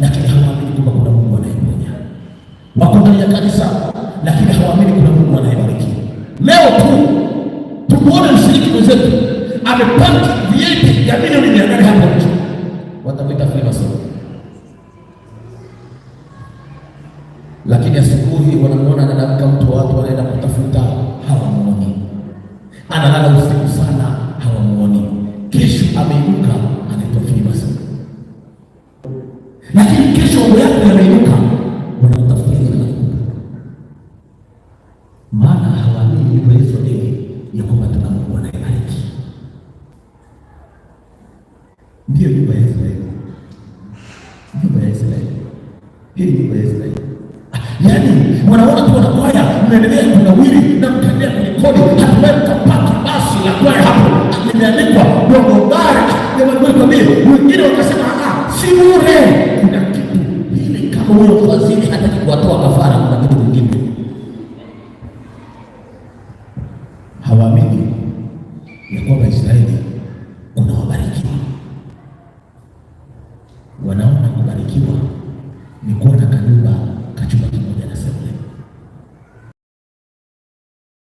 lakini hawaamini kwamba kuna Mungu anayeponya. Wako ndani ya kanisa, lakini hawaamini kuna Mungu anayebariki. Leo tu tumuone mshiriki mwenzetu amepata VIP ya milioni mia nane hapo nje, watamwita famous, lakini asubuhi wanamuona anadamka mtu, watu wanaenda kutafuta, hawamuoni. Analala usiku sana, hawamuoni. Kesho ameinuka lakini kesho mambo yako yanainuka, wanaotafuta maana hawaamini kwa hizo dini ya kwamba tuna Mungu anayebariki. Ndiyo nyumba ya Israeli, nyumba ya Israeli, hii nyumba ya Israeli. Yaani wanaona tu wanakwaya, mnaendelea kunawiri na mtembea kwenye kodi, hatimaye mkapata basi la kwaya hapo limeandikwa Dodobara. Jamani, kweli kwambie, wengine wakasema si bure. Kuna kitu hili, kama huyo mfadhili hataki kuwatoa kafara, kuna kitu kingine hawaamini ya kwamba Israeli kuna wabarikiwa, wanaona kubarikiwa ni na